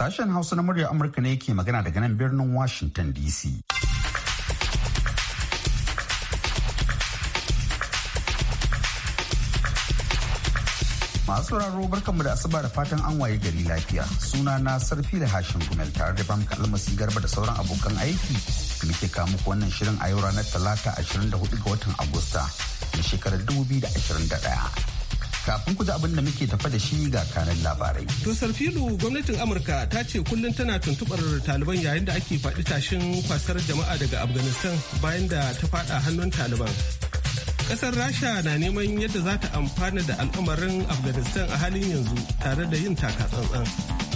Sashen Hausa na muryar Amurka ne ke magana daga nan birnin Washington DC. Masu raro barkanmu da asuba da fatan an waye gari lafiya. Suna na sarfi da hashin gumel tare da bamka almasi garba da sauran abokan aiki. da Muke kamu wannan shirin a yau ranar talata 24 ga watan Agusta na shekarar 2021. kafin ku ji abin da muke tafa da shi ga kanan labarai. To Sarfilu gwamnatin Amurka ta ce kullum tana tuntubar Taliban yayin da ake faɗi tashin kwasar jama'a daga Afghanistan bayan da ta faɗa hannun Taliban. Kasar Rasha na neman yadda za ta amfana da al'amarin Afghanistan a halin yanzu tare da yin taka tsantsan.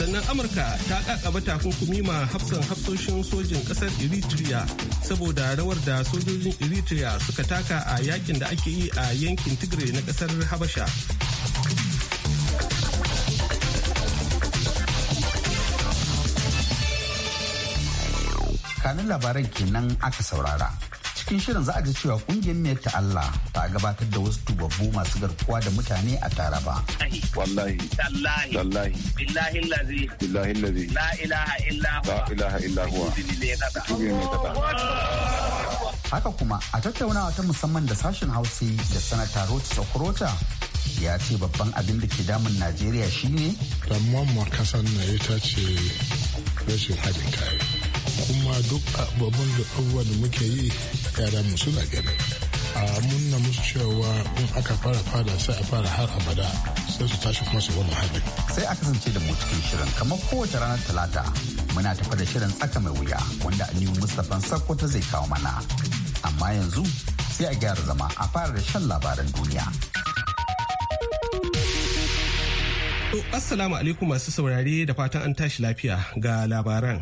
sannan amurka ta kakaba takunkumi ma hafsan hafsoshin sojin kasar eritrea saboda rawar da sojojin eritrea suka taka a yakin da ake yi a yankin tigray na kasar habasha kanun labaran kenan aka saurara cikin shirin za a ji cewa kungiyar mai ta Allah ta gabatar da wasu tubabbu masu garkuwa da mutane a taraba. Wallahi. Tallahi. Haka kuma a tattaunawa ta musamman da sashen Hausa da sanata Rota Sokorota ya ce babban abin da ke damun Najeriya shine. Ramuwan ma kasan na ita ce rashin haɗin kayan. kuma duk abubuwan da abubuwa da muke yi yara mu suna gani a munna musu cewa in aka fara fada sai a fara har abada sai su tashi kuma su wani haɗin. sai a kasance da mu shirin kamar kowace ranar talata muna tafa da shirin tsaka mai wuya wanda aliyu sako ta zai kawo mana amma yanzu sai a gyara zama a fara da shan labaran duniya. Assalamu alaikum masu saurare da fatan an tashi lafiya ga labaran.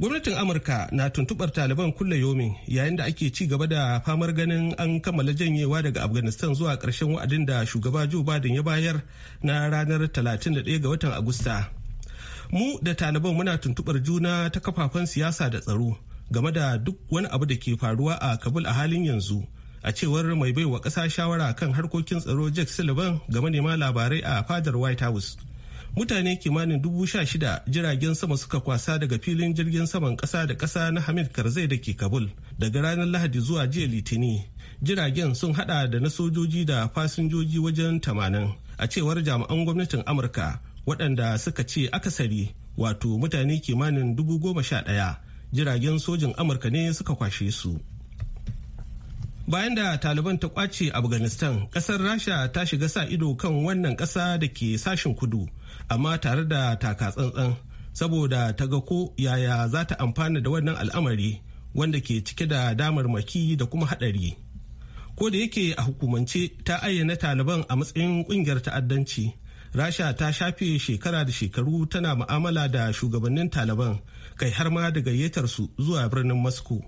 gwamnatin amurka na tuntubar taliban kulle yomin yayin da ake ci gaba da famar ganin an kammala janyewa daga afghanistan zuwa ƙarshen wa'adin da shugaba joe biden ya bayar na ranar 31 ga watan agusta mu da taliban muna tuntubar juna ta kafafen siyasa da tsaro game da duk wani abu da ke faruwa a kabul a halin yanzu a cewar mai baiwa ƙasa shawara kan harkokin tsaro jack sullivan ga manema labarai a fadar white house mutane kimanin dubu sha shida jiragen sama suka kwasa daga filin jirgin saman kasa da kasa na hamid karzai da ke kabul daga ranar lahadi zuwa jiya litini jiragen sun hada da na sojoji da fasinjoji wajen tamanin a cewar jami'an gwamnatin amurka waɗanda suka ce akasari wato mutane kimanin dubu goma sha ɗaya jiragen sojin amurka ne suka kwashe su bayan da taliban ta kwace afghanistan ƙasar rasha ta shiga sa ido kan wannan ƙasa da ke sashen kudu amma tare da taka tsantsan saboda ta ga ko yaya za ta amfana da wannan al'amari wanda ke cike da damar maki da kuma haɗari. Ko da yake a hukumance ta ayyana Taliban a matsayin ƙungiyar ta'addanci, Rasha ta shafe shekara da shekaru tana mu'amala da shugabannin Taliban kai har ma da gayyatar su zuwa birnin Moscow.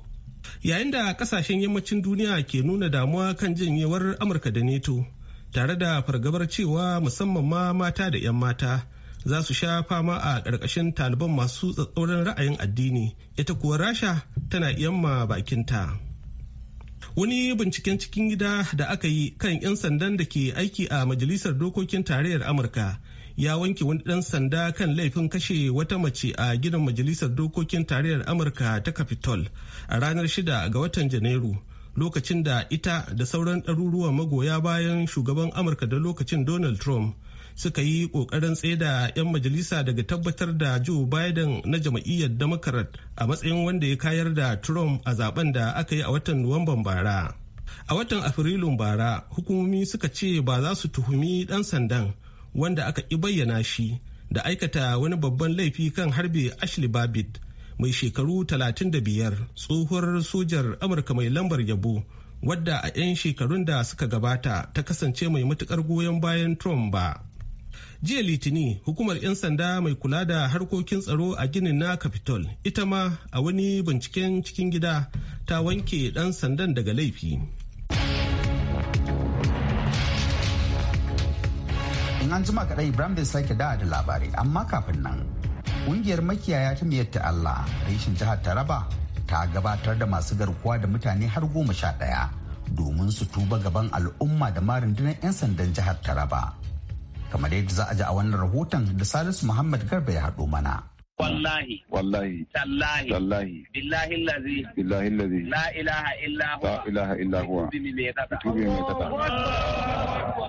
Yayin da kasashen yammacin duniya ke nuna damuwa kan janyewar Amurka da neto. tare da fargabar cewa musamman ma mata da 'yan mata za su sha fama a ƙarƙashin taliban masu tsatsauran ra'ayin addini ita kuwa rasha tana yamma bakinta wani binciken cikin gida da aka yi kan 'yan sandan da ke aiki a majalisar dokokin tarayyar amurka ya wanke wani ɗan sanda kan laifin kashe wata mace a gidan majalisar dokokin tarayyar amurka ta capitol a ranar shida ga watan janairu lokacin da ita da sauran ɗaruruwan magoya bayan shugaban amurka da lokacin donald trump suka yi ƙoƙarin tseda 'yan majalisa daga tabbatar da joe biden na jam'iyyar democrat a matsayin wanda ya kayar da trump a zaben da aka yi a watan nuwamban bara a watan afrilun bara hukumomi suka ce ba za su tuhumi ɗan sandan wanda aka ƙi bayyana shi da aikata wani babban laifi kan harbe ashley babbitt mai shekaru 35 tsohuwar sojar amurka mai lambar yabo wadda a 'yan shekarun da suka gabata ta kasance mai matukar goyon bayan trump ba jiya litini hukumar 'yan sanda mai kula da harkokin tsaro a ginin na capitol ita ma a wani binciken cikin gida ta wanke dan sandan daga laifi in an jima kaɗai ibrahim zai sake da labarai amma kafin nan ƙungiyar makiyaya ta miyar ta Allah reshin jihar Taraba ta gabatar da masu garkuwa da mutane har goma sha ɗaya domin su tuba gaban al'umma da ma rundunar 'yan sandan jihar Taraba. Kamar yadda za a ji a wannan rahoton da Salisu Muhammad Garba ya haɗo mana. wallahi wallahi tallahi tallahi billahi allazi billahi allazi la ilaha illa huwa la ilaha illa huwa tubi mai kata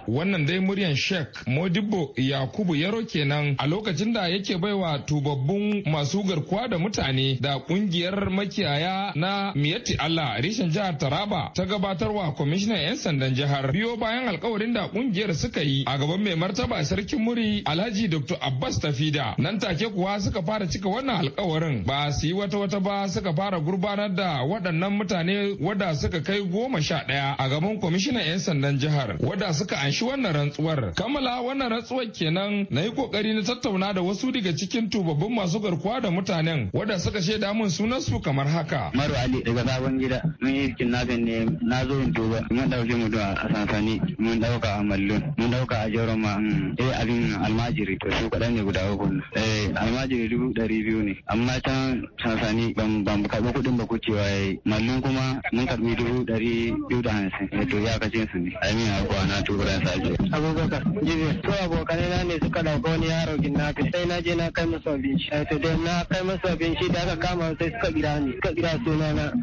wannan dai muryan Sheikh Modibo Yakubu Yaro kenan a lokacin da yake baiwa tubabbun masu garkuwa da mutane da kungiyar makiyaya na Miyati Allah rishin jihar Taraba ta gabatarwa kwamishinan 'yan sandan jihar biyo bayan alkawarin da kungiyar suka yi a gaban mai martaba sarkin muri Alhaji Dr. Abbas Tafida nan take kuwa suka fara fara cika wannan alkawarin ba su yi wata wata ba suka fara gurbanar da waɗannan mutane wadda suka kai goma sha ɗaya a gaban kwamishinan 'yan sandan jihar wadda suka anshi wannan rantsuwar kammala wannan rantsuwar kenan na yi kokari na tattauna da wasu daga cikin tubabbin masu garkuwa da mutanen wadda suka shaida min sunan su kamar haka. Maru Ali daga sabon gida mun yi na ne na zo in duba mun ɗauki da a sansani mun ɗauka a mallon mun ɗauka a jaroma mm, eh abin almajiri to su kaɗan ne guda uku eh almajiri dubu Dari ɗari biyu ne amma ta sansani ban ban karɓi kuɗin ba kucewa ya yi mallin kuma mun karɓi dubu ɗari biyu da hamsin wato eh, ya kace su ne ai mina kuwa na tuburan sake. abubakar jibi to abokanai na ne suka ɗauka wani yaro ginnafi sai na je na kai musu abinci eh, to don na kai musu shi da aka kama sai suka gira ni suka kira sunana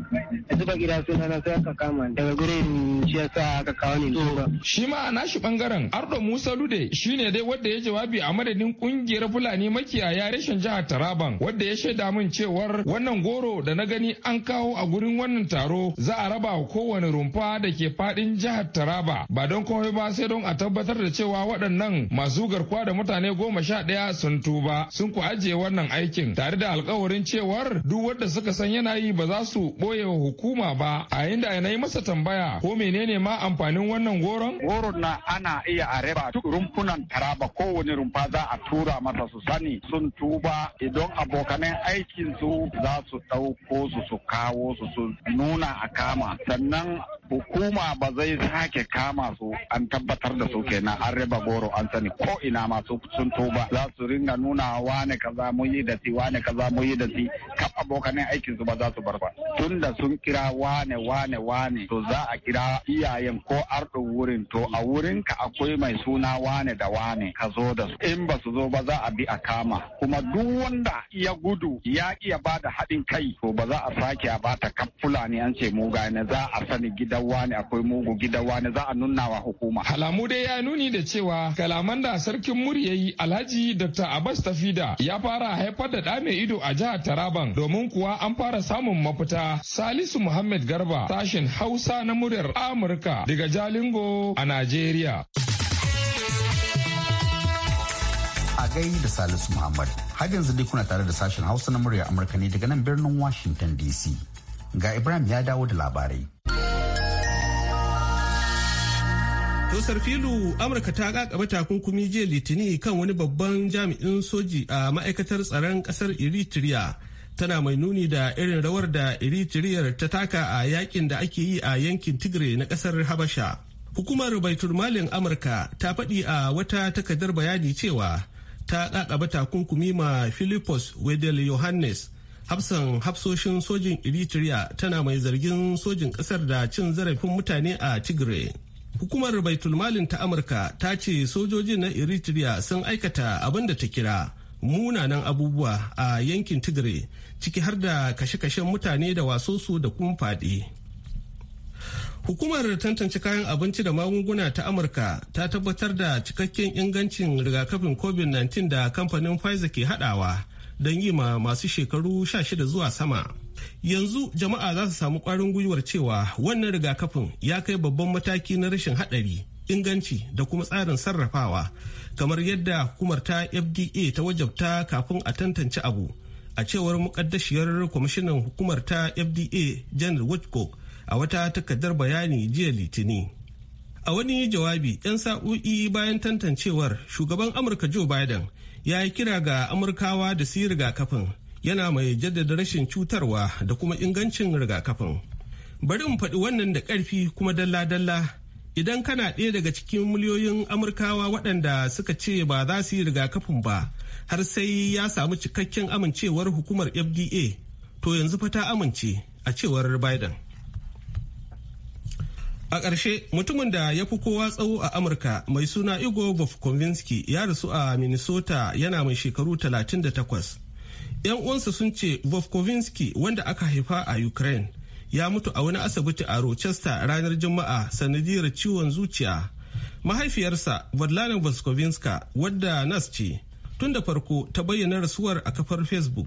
suka suna na sai aka kama daga gurin shi yasa aka kawo ni shi ma a nashi bangaren ardo musa lude shine dai wanda ya jawabi a madadin kungiyar fulani makiyaya rashin jihar Taraban wadda ya shaida min cewar wannan goro da na gani an kawo a gurin wannan taro za a raba wa kowane rumfa da ke fadin jihar Taraba ba don komai ba sai don a tabbatar da cewa waɗannan masu garkuwa da mutane goma sha ɗaya sun tuba sun ku ajiye wannan aikin tare da alkawarin cewar duk wanda suka san yana yi ba za su ɓoye wa hukuma ba a inda na yi masa tambaya ko menene ma amfanin wannan goron? Goron na ana iya a raba duk rumfunan Taraba kowane rumfa za a tura masa su sani sun tuba idan abokanan aikinsu za su ɗauko su su kawo su su nuna a kama sannan hukuma ba zai sake kama su an tabbatar da su kenan an raba goro an sani ko ina masu sun tuba za su ringa nuna wane kaza mun yi da si wane kaza mun yi da si kaf abokanin aikin su ba za su bar ba tun da sun kira wane wane wane to za a kira iyayen ko arɗo wurin to a wurin ka akwai mai suna wane da wane ka zo da su in ba su zo ba za a bi a kama kuma duk wanda ya gudu ya iya ba da haɗin kai to ba za a sake a bata kan fulani an ce muga ne za a sani gidan wani akwai mugu gidan wani za a nuna wa hukuma. halamu dai ya nuni da cewa kalaman da sarkin muryayi Alhaji Dr. Abbas Tafida ya fara haifar da ɗa ido a jihar Taraban domin kuwa an fara samun mafita. Salisu Muhammad Garba sashen Hausa na muryar Amurka daga Jalingo a Najeriya. gai da Salisu Muhammad. Har yanzu dai kuna tare da sashen Hausa na murya Amurka ne daga nan birnin Washington DC. Ga Ibrahim ya dawo da labarai. Tosar filu Amurka ta kakaba takunkumi jiya litini kan wani babban jami'in soji a ma'aikatar tsaron kasar Eritrea. Tana mai nuni da irin rawar da Eritrea ta taka a yakin da ake yi a yankin Tigray na kasar Habasha. Hukumar Baitul Amurka ta faɗi a wata takardar bayani cewa ta ɗaɗaba takunkumi ma Philippos Wedel Yohannes hafsan hafsoshin sojin Eritrea tana mai zargin sojin ƙasar da cin zarafin mutane a Tigray. Hukumar Baitulmalin ta Amurka ta ce sojoji na Eritrea sun aikata abin da ta kira munanan abubuwa a yankin Tigray ciki har da kashe-kashen mutane da wasosu da kuma faɗi. Hukumar tantance kayan abinci da magunguna ta Amurka ta tabbatar da cikakken ingancin rigakafin COVID-19 da kamfanin Pfizer ke hadawa don yi ma masu shekaru 16 zuwa sama. Yanzu jama'a za su samu kwarin gwiwar cewa wannan rigakafin ya kai babban mataki na rashin haɗari, inganci da kuma tsarin sarrafawa, kamar yadda hukumar ta FDA ta wajabta kafin a tantance abu. A cewar muƙaddashiyar kwamishinan hukumar ta FDA Janet Woodcock a wata takardar bayani jiya litini a wani jawabi 'yan sa'o'i bayan tantancewar shugaban amurka joe biden ya yi kira ga amurkawa da su yi rigakafin yana mai jaddada rashin cutarwa da kuma ingancin rigakafin bari in faɗi wannan da ƙarfi kuma dalla-dalla idan kana ɗaya daga cikin miliyoyin amurkawa waɗanda suka ce ba za su yi rigakafin ba har sai ya samu cikakken amincewar hukumar fda to yanzu fa ta amince a cewar biden A ƙarshe mutumin da ya fi kowa tsawo a Amurka mai suna Igor Bofkovinsky ya rasu a Minnesota yana mai shekaru 38. 'Yan uwansa sun ce Bofkovinsky wanda aka haifa a Ukraine ya mutu a wani asibiti a Rochester ranar Juma'a sanadiyar ciwon zuciya. Mahaifiyarsa Vladimir Bofkovinska wadda nas ce tun da farko ta bayyana rasuwar a kafar Facebook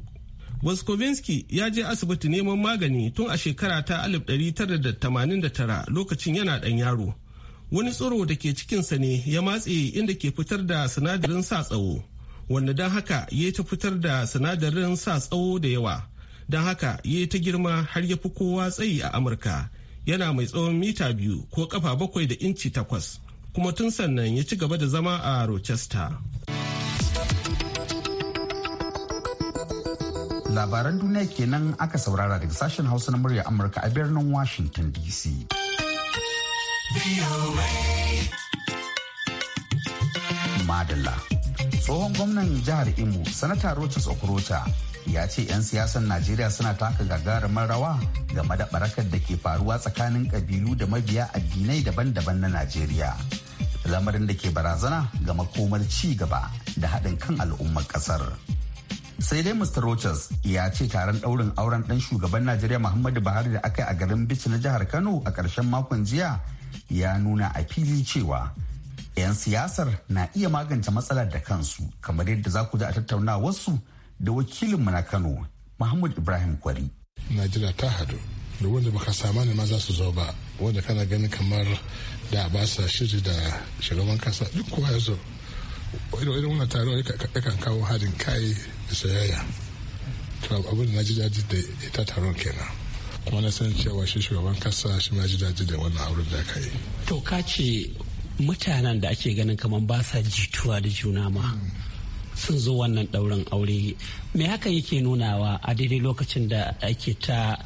Boskovinski ya je asibiti neman magani tun a shekara ta 1989 lokacin yana ɗan yaro. Wani tsoro da ke cikinsa ne ya matse inda ke fitar da sinadarin sa tsawo, wanda don haka ya ta fitar da sinadarin sa tsawo da yawa. Don haka ya ta girma har ya fi kowa tsayi a Amurka. Yana mai tsawon mita biyu ko kafa bakwai da inci takwas, kuma tun sannan ya ci gaba da zama a Rochester. labaran duniya kenan aka saurara daga sashen hausa na murya amurka a birnin washington dc madalla tsohon gwamnan jihar imo sanata rochas okorocha ya ce 'yan siyasan najeriya suna taka gagarumin rawa game da barakar da ke faruwa tsakanin kabilu da mabiya addinai daban-daban na najeriya lamarin da ke barazana ga makomar ci gaba da haɗin kan al'ummar ƙasar. sai dai mr rogers ya ce taron daurin auren dan shugaban najeriya muhammadu buhari da aka yi a garin bichi na jihar kano a ƙarshen makon jiya ya nuna a fili cewa 'yan siyasar na iya magance matsalar da kansu kamar yadda za ku ji a tattauna wasu da wakilinmu na kano muhammad ibrahim kwari najeriya ta hadu da wanda baka sama ne ma za su zo ba wanda kana ganin kamar da ba sa shiri da shugaban kasa duk kowa ya zo irin wannan ya kan kawo harin kai da sayayya to abin na ji daji da ita taron kenan kuma na san cewa shi shugaban kasa shi ma ji daji da wannan auren da aka yi to ka ce mutanen da ake ganin kamar ba sa jituwa da juna ma sun zo wannan ɗaurin aure me haka yake nunawa a daidai lokacin da ake ta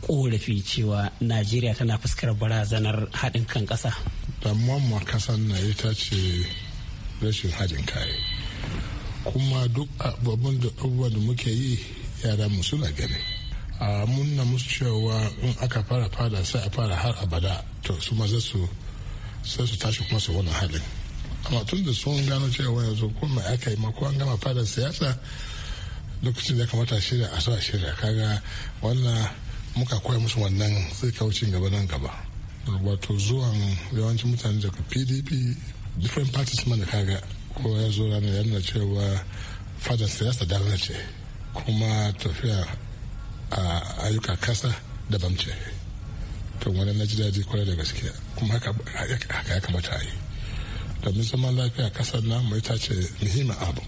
korafi cewa najeriya tana fuskar barazanar haɗin kan ƙasa damuwan ma kasan na ita ce rashin haɗin kai kuma duk abubuwan da abubuwa da muke yi yara musu na gani a munna musu cewa in aka fara fada sai a fara har abada to su maza su sai su tashi kuma su wani halin amma tun da sun gano cewa yanzu kuma aka yi mako an gama fada siyasa lokacin da kamata shirya a sa shirya kaga wannan muka koya musu wannan sai kaucin gaba nan gaba wato zuwan yawancin mutane daga pdp different parties mana kaga ko ya zo ranar yana cewa fadar siyasa daren ce kuma tafiya a ayyuka kasa daban ce to wani na ji daji kwarai da gaske kuma haka ya kamata a yi domin zaman lafiya kasar namu ita ce muhimmin abu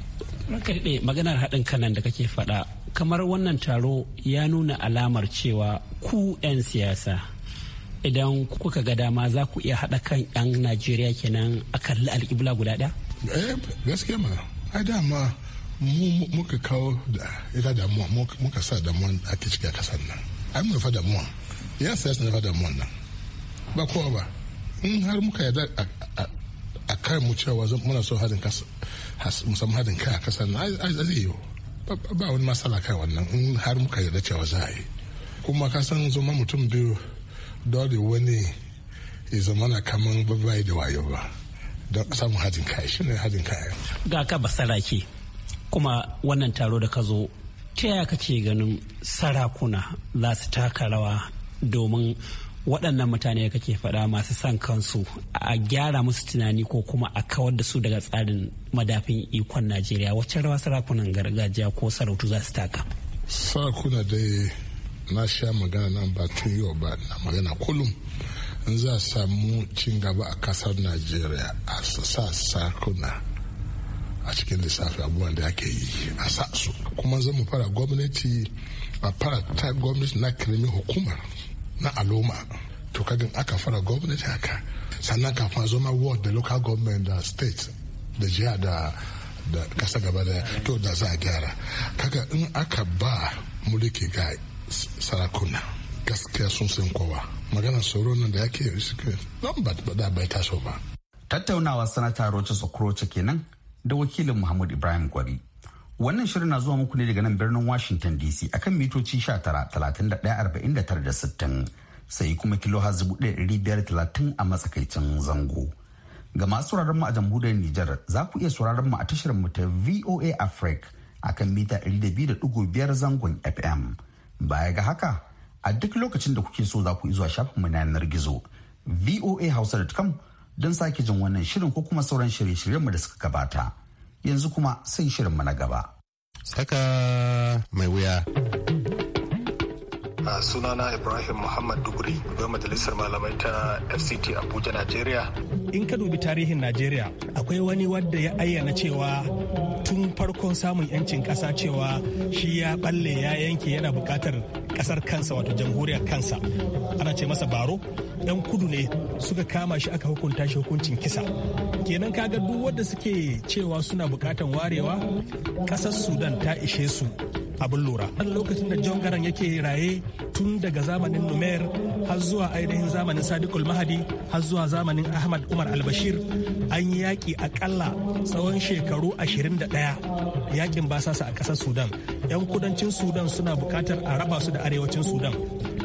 maganar haɗin kanan da kake faɗa kamar wannan taro ya nuna alamar cewa ku 'yan siyasa idan kuka ga dama za ku iya haɗa kan 'yan najeriya kenan a kalli alƙibla guda ɗaya eh gaskiya ma ai dama mu muka kawo da ita damuwa muka sa damuwa a ta cikin kasar nan ai mun fa damuwa ya sai sun fa damuwa nan ba kowa ba in har muka yarda a kan mu cewa muna so hadin kasa musamman hadin kai a kasar nan a zai yi ba wani matsala kai wannan in har muka yarda cewa za a yi kuma ka san zama mutum biyu dole wani ya zama na kaman babai da wayo ba don samun hajin kaya shi ne hajin kaya ga ka ba sarake kuma wannan taro da ka zo ta yaya kake ganin sarakuna za su taka rawa domin waɗannan mutane da kake faɗa masu son kansu a gyara musu tunani ko kuma a kawar da su daga tsarin madafin ikon najeriya wacce rawa sarakunan gargajiya ko sarautu za su taka sarakuna dai na sha magana nan ba tun yau ba na magana kullum in za a samu cin gaba a kasar najeriya a sa a cikin lissafi abubuwan da ake yi a sa kuma zan mu fara gwamnati a fara ta gwamnati na kirimin hukumar na aloma to kagin aka fara gwamnati haka sannan kafin a zoma ward da local government da state da jiya da da kasa gaba da to da za a gyara kaga in aka ba mulki ga sarakuna gaskiya sun san kowa magana sauro nan da yake nan ba bai taso ba tattaunawa sanata rocha sokrocha kenan da wakilin muhammad ibrahim gwari wannan shirin na zuwa muku ne daga nan birnin washington dc akan mitoci tara talatin da sittin sai kuma kilo biyar talatin a matsakaicin zango ga masu sauraron mu a jamhuriyar Nijar za ku iya sauraron mu a tashar mu ta VOA Africa akan mita 200.5 zangon FM. Baya ga haka a duk lokacin da kuke so za ku zuwa shafinmu na yanar gizo voahausa.com don sake jin wannan shirin ko kuma sauran shirye-shiryenmu da suka gabata yanzu kuma sai shirinmu na gaba. Saka mai wuya. Uh, sunana ibrahim muhammad duguri ga majalisar malamai ta fct abuja nigeria in ka dubi tarihin Najeriya, akwai wani wadda ya ayyana cewa tun farkon samun yancin kasa cewa shi ya balle ya yanke yana bukatar kasar kansa wato jamhuriyar kansa ana ce masa baro dan kudu ne suka kama shi aka hukunta shi hukuncin kisa kenan kaga duk wanda suke cewa suna bukatan warewa kasar sudan ta ishe su abin lura a lokacin da john garan yake raye tun daga zamanin numer har zuwa ainihin zamanin sadiq mahadi har zuwa zamanin ahmad umar albashir an yi yaƙi akalla tsawon shekaru 21 yakin basasa a ƙasar sudan 'yan kudancin sudan suna bukatar a raba su da arewacin sudan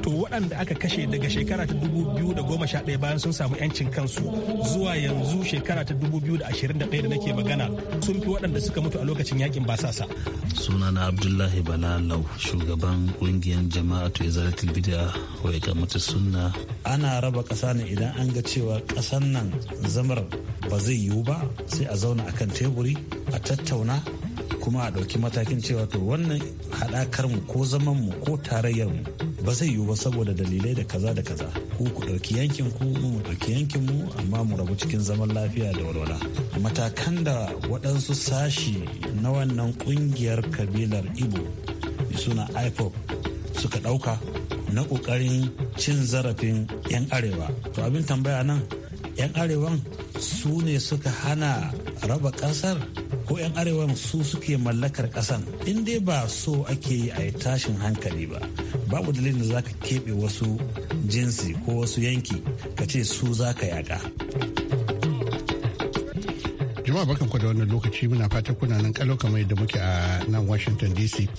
to waɗanda aka kashe daga shekara ta ɗaya bayan sun samu 'yancin kansu zuwa yanzu shekara ta 2021 da nake magana sun fi waɗanda suka mutu a lokacin yakin basasa. sunana abdullahi balalau shugaban ƙungiyar jama'atu izalatul wai ga mutu sunna ana raba ƙasa ne idan an ga cewa ƙasan nan zamar ba zai yiwu ba sai a zauna akan teburi a tattauna kuma a ɗauki matakin cewa to wannan haɗakarmu ko zaman mu ko tarayyar mu ba zai yiwu ba saboda dalilai da kaza da kaza ku ku ɗauki yankin ku mu mu ɗauki yankin mu amma mu rabu cikin zaman lafiya da walwala matakan da waɗansu sashi na wannan ƙungiyar kabilar ibo suna ipop suka ɗauka na ƙoƙarin cin zarafin 'yan arewa to abin tambaya nan 'yan arewan su ne suka hana raba ƙasar ko 'yan arewan su suke mallakar kasan in dai ba so ake yi a tashin hankali ba babu dalilin da za ka keɓe wasu jinsi ko wasu yanki ka ce su za ka yaƙa jama'a bakan ku da wannan lokaci muna fatan kuna nan kalau kamar yadda muke a nan washington dc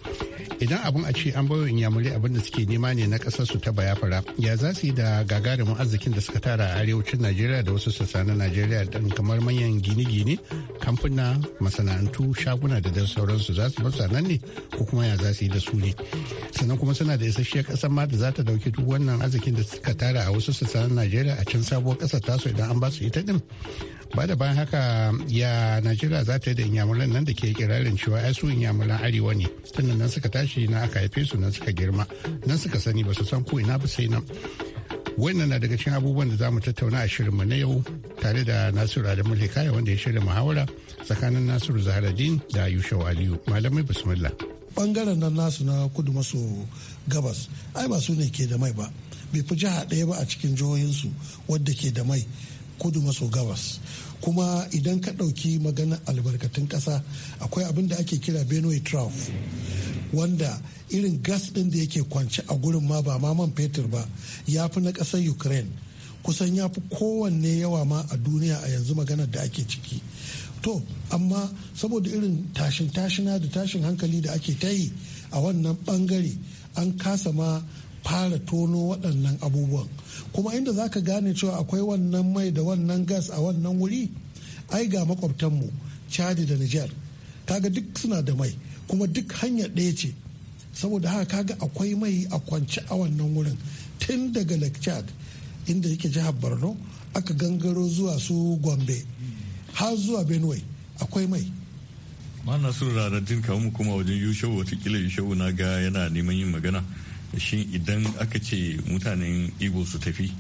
idan abin a ce an bayo inyamurai abin da suke nema ne na kasar su ta bayafara ya za su yi da gagarumin arzikin da suka tara a arewacin najeriya da wasu sassa na najeriya dan kamar manyan gine-gine kamfuna masana'antu shaguna da dasauransu sauransu za su bar nan ne ko kuma ya za su yi da su ne sannan kuma suna da isasshiyar kasar ma da za ta dauki duk wannan arzikin da suka tara a wasu sassa na najeriya a can sabuwar kasar tasu idan an ba su ita din ba da bayan haka ya najeriya za ta yi da inyamuran nan da ke kirarin cewa ai su inyamuran arewa ne sannan nan suka tashi shi na aka haife su nan suka girma nan suka sani ba su san ko ina ba sai nan wannan na daga cikin abubuwan da za mu tattauna a shirinmu na yau tare da nasiru adamu lekaya wanda ya shirya muhawara tsakanin nasiru zaharaddin da yushau aliyu malamai bismillah bangaren nan nasu na kudu maso gabas ai ba su ne ke da mai ba bai fi jiha ɗaya ba a cikin jihohinsu wadda ke da mai kudu maso gabas kuma idan ka ɗauki maganar albarkatun ƙasa akwai abin da ake kira benue trough wanda irin gas ɗin da yake kwance a gurin ma ba ma man fetur ba ya fi na ƙasar ukraine kusan ya fi kowanne yawa ma a duniya a yanzu magana da ake ciki to amma saboda irin tashin tashina da tashin hankali da ake ta yi a wannan bangare an kasa ma fara tono waɗannan abubuwan kuma inda za ka gane cewa akwai wannan mai da wannan gas a wannan wuri ai ga makwabtanmu chadi da niger kaga duk suna da mai kuma duk hanyar ɗaya ce saboda haka kaga akwai mai a kwance a wannan wurin tun daga lake inda yake jihar borno aka gangaro zuwa su gombe har zuwa benue akwai mai ma na su rarrajin kawo mu kuma wajen yushewu watakila yushewu na ga yana neman yin magana shi idan aka ce mutanen igbo su tafi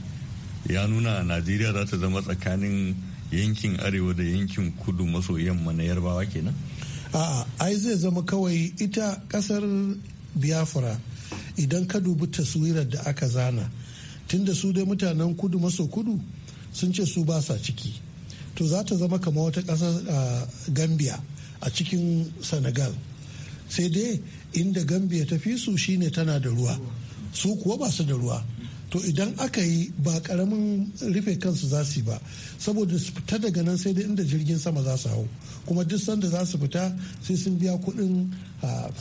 ya nuna najeriya za ta zama tsakanin yankin arewa da yankin kudu maso yamma na yarbawa kenan a'a ai zai zama kawai ita kasar biafra idan ka dubi taswirar da aka zana tunda su dai mutanen kudu maso kudu sun ce su basa ciki to za ta zama kama wata ƙasar gambia a cikin senegal sai dai inda gambia ta fi su shine tana da ruwa su kuwa ba su da ruwa to idan aka yi ba karamin rufe kansu za su ba saboda su fita daga nan sai dai inda jirgin sama za su hau kuma duk sanda za su fita sai sun biya kuɗin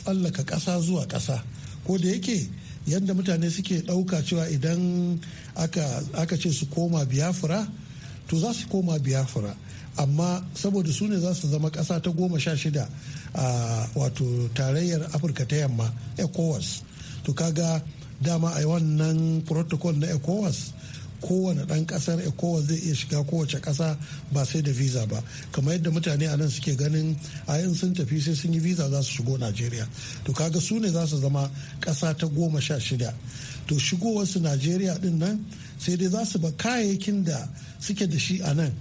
tsallaka ƙasa zuwa ƙasa ko da yake yadda mutane suke ɗauka cewa idan aka ce su koma biyafura to za su koma biyafura amma saboda su ne za su zama ƙasa ta goma sha shida a wato tarayyar afirka ta yamma ecowas to kaga dama a wannan protocol na ecowas kowane ɗan ƙasar ecowas zai iya shiga kowace ƙasa ba sai da visa ba kamar yadda mutane a nan suke ganin a yin sun tafi sai sun yi visa za su shigo najeriya to kaga su ne za su zama ƙasa ta goma sha shida to shigowarsu najeriya ɗin nan sai dai za su ba kayayyakin da suke da shi a nan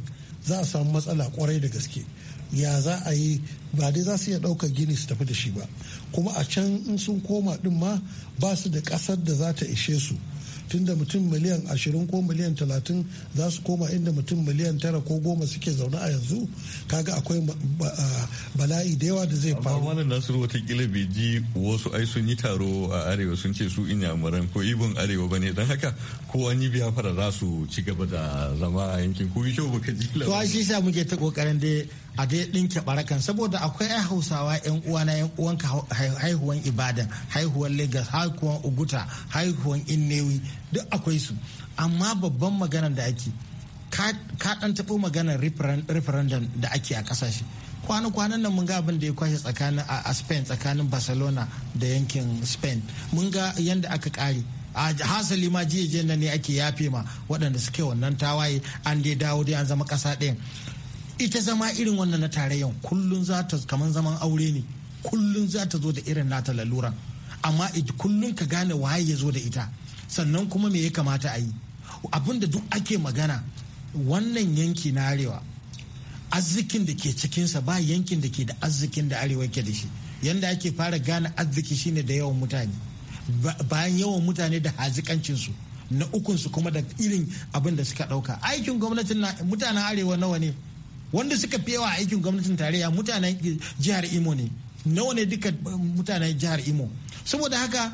za a samu matsala kwarai da gaske ya za a yi ba dai za su iya ɗaukar gini su tafi da shi ba kuma a can in sun koma ɗin ma ba su da kasar da za ta ishe su tunda mutum miliyan ashirin ko miliyan talatin za su koma inda mutum miliyan tara ko goma suke zaune a yanzu kaga akwai bala'i da yawa da zai faru amma wannan nasiru watakila bai ji wasu ai sun yi taro a arewa sun ce su inyamuran ko ibon arewa ba ne don haka ko an biya fara za su ci gaba da zama a yankin ko yi kyau ka ji to ai shi sa muke ta kokarin dai a dai ɗinke barakan saboda akwai ai hausawa yan uwa na yan uwanka haihuwan ibadan haihuwan lagos haihuwan uguta haihuwan innewi duk akwai su amma babban maganar da ake ka ɗan taɓo maganar referendum da ake a kasashe. kwanan kwanan nan mun ga abin da ya kwashe tsakanin a spain tsakanin barcelona da yankin spain mun ga yadda aka kare a hasali ma jiya ne ake yafe ma waɗanda suke wannan tawaye an dai dawo dai an zama ƙasa ɗaya ita zama irin wannan na tarayyan kullum za ta kamar zaman aure ne kullum za ta zo da irin nata laluran amma kullum ka gane waye ya zo da ita sannan kuma me ya kamata a yi abinda duk ake magana wannan yanki na arewa arzikin da ke cikinsa ba yankin da ke da arzikin da arewa ke da shi yanda ake fara gane arziki shine da yawan mutane bayan yawan mutane da hazikancinsu na ukunsu kuma da irin abin da suka dauka aikin gwamnatin mutanen arewa nawa ne wanda suka fi yawa aikin gwamnatin tarayya mutanen jihar imo ne nawa ne duka um, mutanen jihar imo saboda haka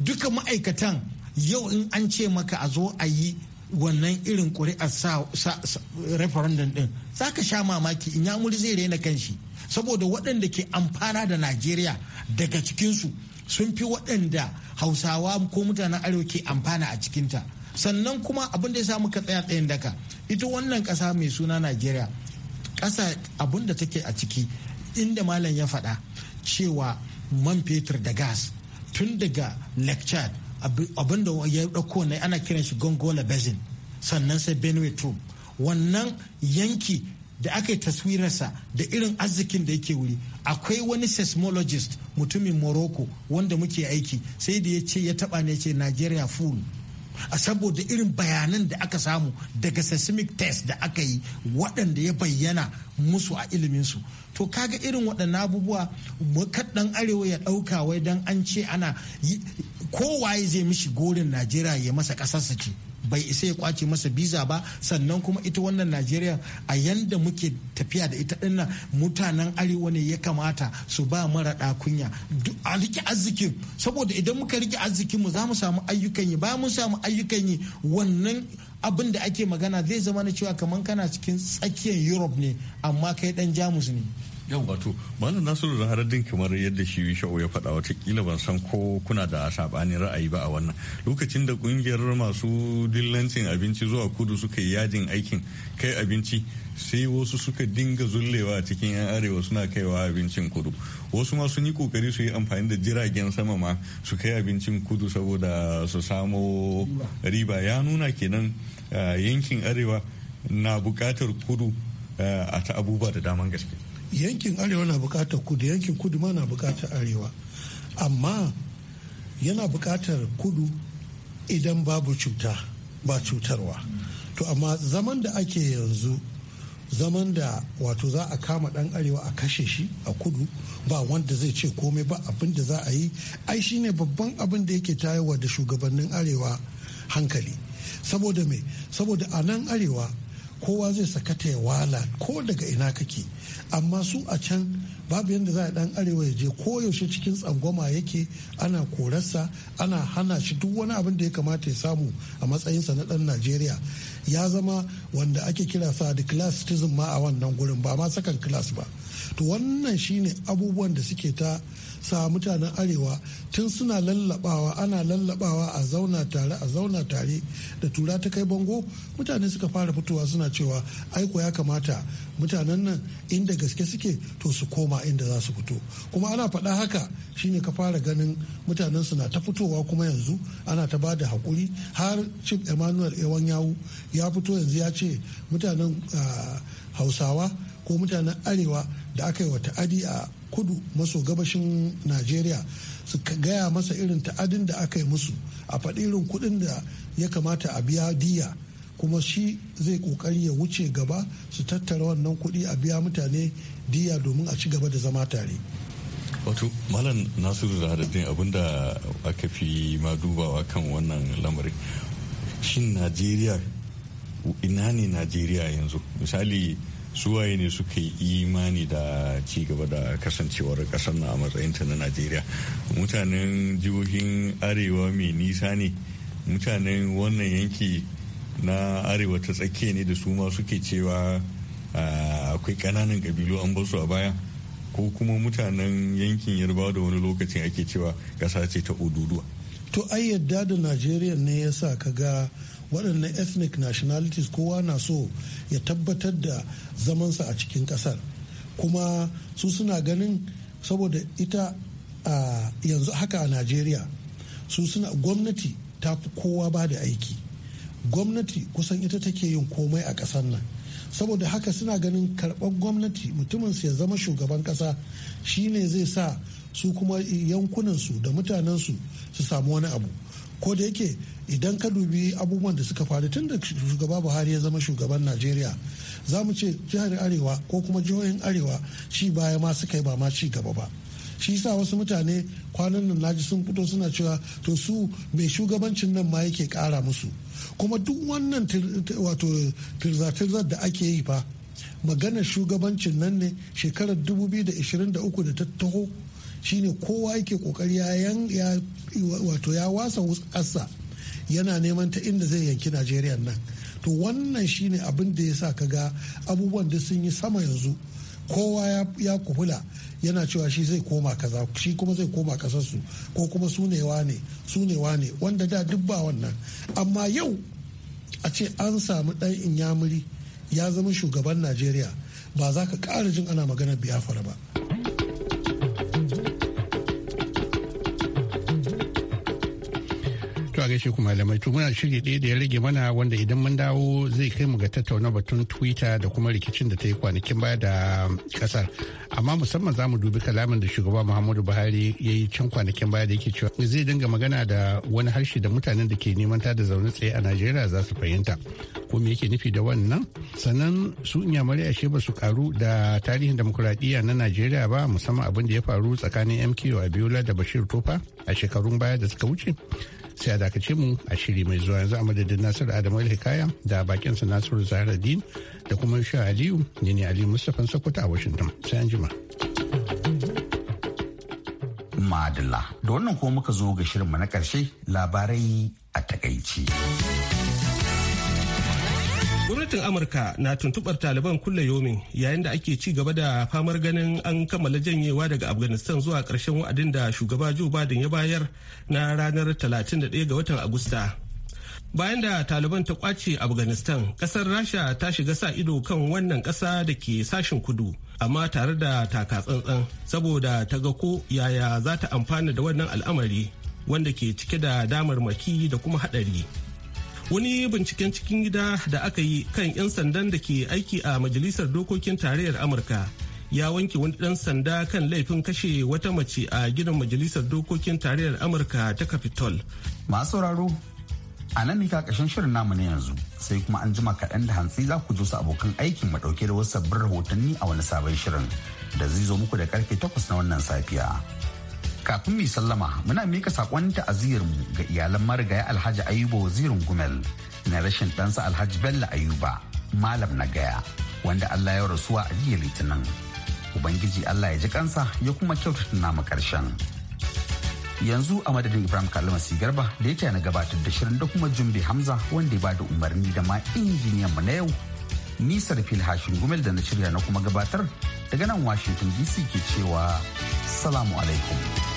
duka ma'aikatan yau in an ce maka a zo a yi wannan irin ƙuri'ar referendum din za ka sha mamaki in yamuri zai raina kanshi saboda waɗanda ke amfana da najeriya daga cikinsu sun fi waɗanda hausawa ko mutanen arewa ke amfana a cikinta sannan kuma abin da ya samu ka tsaya tsayin daka ita wannan ƙasa mai suna najeriya ƙasa abun da take a ciki inda malam ya faɗa cewa man fetur da gas tun daga lecture abin da ya ɗauko ne ana kiran shi gongola basin sannan sai benue tube wannan yanki da aka yi taswirarsa da irin arzikin da yake wuri akwai wani seismologist mutumin morocco wanda muke aiki sai da ya ce ya taɓa ne ce nigeria full a saboda irin bayanan da aka samu daga seismic test da aka yi waɗanda ya bayyana musu a iliminsu to kaga irin waɗannan abubuwa kaɗan arewa ya ɗauka wai don an ce ana kowaye zai mishi gorin najeriya ya masa ƙasarsa ce bai isa ya kwace masa biza ba sannan kuma ita wannan najeriya a yanda muke tafiya da ita dinnan mutanen arewa ne ya kamata su ba mara kunya a rike arzikin saboda idan muka rike arzikin mu za mu samu ayyukan yi ba mu samu ayyukan yi wannan abin da ake magana zai zama na cewa kamar kana cikin tsakiyar europe ne amma kai dan jamus ne yau to malam nasiru din kamar yadda shi sha'o ya faɗa kila ban san ko kuna da sabanin ra'ayi ba a wannan lokacin da kungiyar masu dillancin abinci zuwa kudu suka yi yajin aikin kai abinci sai wasu suka dinga zullewa a cikin 'yan arewa suna kaiwa abincin kudu wasu ma sun yi kokari su yi amfani da jiragen sama ma su kai abincin kudu saboda su samo riba ya nuna kenan eh, yankin arewa na bukatar kudu eh, a ta abubuwa da daman gaske yankin arewa na bukatar kudu yankin kudu ma na bukatar arewa amma yana bukatar kudu idan babu cuta ba cutarwa to amma zaman da ake yanzu zaman da wato za a kama dan arewa a kashe shi a kudu ba wanda zai ce komai ba abin da za a yi ai shine babban abin da yake tayowa da shugabannin arewa hankali saboda me saboda a nan arewa kowa zai sakata ya wala ko daga ina kake amma su a can babu yadda za a dan arewa ya je ko yaushe cikin tsangwama yake ana korarsa ana hana shi duk wani abin da ya kamata ya samu a matsayinsa na dan najeriya ya zama wanda ake kira sa da class citizen ma a wannan gurin ba ma sakan class ba to wannan shine abubuwan da suke ta sa mutanen arewa tun suna lallabawa ana lallabawa a zauna tare a zauna tare da tura ta kai bango mutane suka fara fitowa suna cewa aiko ya kamata mutanen nan inda gaske suke to su koma inda za su fito kuma ana faɗa haka shine ka fara ganin mutanen suna na ta fitowa kuma yanzu ana ta ba da haƙuri har chief emmanuel ewan yawu ya fito yanzu ya ce mutanen ah, hausawa ko mutanen arewa da aka yi wa ta'adi a kudu maso gabashin najeriya su gaya masa irin ta'adin da aka yi musu a faɗi irin kuɗin da ya kamata a biya diya kuma shi zai kokari ya wuce gaba su tattara wannan kudi a biya mutane diya domin a ci gaba da zama tare wato malam nasiru zaharaddin abinda aka fi ma dubawa kan wannan lamarin shin najeriya ina ne najeriya yanzu misali suwaye ne suka yi imani da ci gaba da kasancewar kasar na a matsayinta na najeriya mutanen jihohin arewa mai nisa ne mutanen wannan yanki na arewa ta tsakiya ne da su ma suke cewa ah, akwai kananan kabilu an basu a baya ko kuma mutanen yankin yarba da wani lokacin ake cewa ƙasa ce ta ududuwa to ai yadda da najeriya ne ya sa ka ga waɗannan ethnic nationalities kowa na so ya tabbatar da zamansa a cikin ƙasar kuma su suna ganin saboda ita a yanzu haka a najeriya su suna gwamnati ta fi kowa ba da aiki gwamnati kusan ita take yin komai a ƙasar nan saboda haka suna ganin karɓar gwamnati mutumin ya zama shugaban ƙasa shine zai sa su kuma yankunansu da mutanensu su samu wani abu ko da yake idan ka dubi abubuwan da suka faru tun da shugaba buhari ya zama shugaban najeriya za mu ce jihar arewa ko kuma jihohin arewa shi baya ma suka yi ba ma ci gaba ba shi sa wasu mutane kwanan nan naji sun fito suna cewa to su mai shugabancin nan ma yake kara musu kuma duk wannan wato tirzatirzar da ake yi fa maganar shugabancin nan ne shekarar 2023 da ta taho shine kowa yake kokari ya wato ya wasa wutsarsa yana neman ta inda zai yanki najeriya nan to wannan shine abin da ya sa ka ga abubuwan da sun yi sama yanzu kowa ya kuhula yana cewa shi zai koma kaza shi kuma zai koma kasarsu ko kuma sunewa ne sunewa ne wanda da duk ba wannan amma yau a ce an samu dan inyamuri ya zama shugaban najeriya ba za ka ƙara jin ana maganar biyafara ba gaishe kuma da to muna shiri ɗaya da ya rage mana wanda idan mun dawo zai kai mu ga tattauna batun twitter da kuma rikicin da ta yi kwanakin baya da kasar amma musamman za mu dubi kalamin da shugaba muhammadu buhari ya yi can kwanakin baya da yake cewa zai dinga magana da wani harshe da mutanen da ke neman ta da zaune tsaye a najeriya za su fahimta ko me yake nufi da wannan sannan su inyamurai ashe ba su karu da tarihin demokuraɗiyya na najeriya ba musamman abin da ya faru tsakanin mko abiola da bashir tofa a shekarun baya da suka wuce sai a dakace mu a shiri mai zuwa yanzu a madadin nasiru adamu hikaya da bakin bakinsa nasiru din da kuma sha aliyu ne ne aliyu mustapha sokoto a washinton sai an jima. madalla da wannan ko muka zo ga shirinmu na karshe labarai a takaici. gwamnatin amurka na tuntubar taliban kulle yomin yayin da ake ci gaba da famar ganin an kammala janyewa daga afghanistan zuwa karshen wa'adin da shugaba joe biden ya bayar na ranar 31 ga watan agusta bayan da taliban ta kwace afghanistan kasar rasha ta shiga sa ido kan wannan kasa da ke sashen kudu amma tare da taka tsantsan saboda ta ga ko yaya za ta amfana da wannan al'amari wanda ke cike da damarmaki da kuma haɗari. wani binciken cikin gida da aka yi kan 'yan sandan da ke aiki a majalisar dokokin tarayyar amurka ya wanke wani dan sanda kan laifin kashe wata mace a gidan majalisar dokokin tarayyar amurka ta capitol masu sauraro a nan mika kashin shirin namu ne yanzu sai kuma an jima kaɗan da hantsi za ku su abokan aikin mu ɗauke da wasu sabbin rahotanni a wani sabon shirin da zai zo muku da karfe takwas na wannan safiya kafin mu sallama muna mika sakon ta'aziyar mu ga iyalan marigaya Alhaji Ayuba wazirin Gumel na rashin ɗansa Alhaji Bello Ayuba malam na gaya wanda Allah ya rasuwa a jiya litinin Ubangiji Allah ya ji kansa ya kuma kyautata namu karshen. Yanzu a madadin Ibrahim si Garba da ya na gabatar da shirin da kuma Jumbe Hamza wanda ya bada umarni da ma injiniyan mu na yau. Nisar fil hashin gumel da na shirya na kuma gabatar daga nan Washington DC ke cewa Salamu alaikum.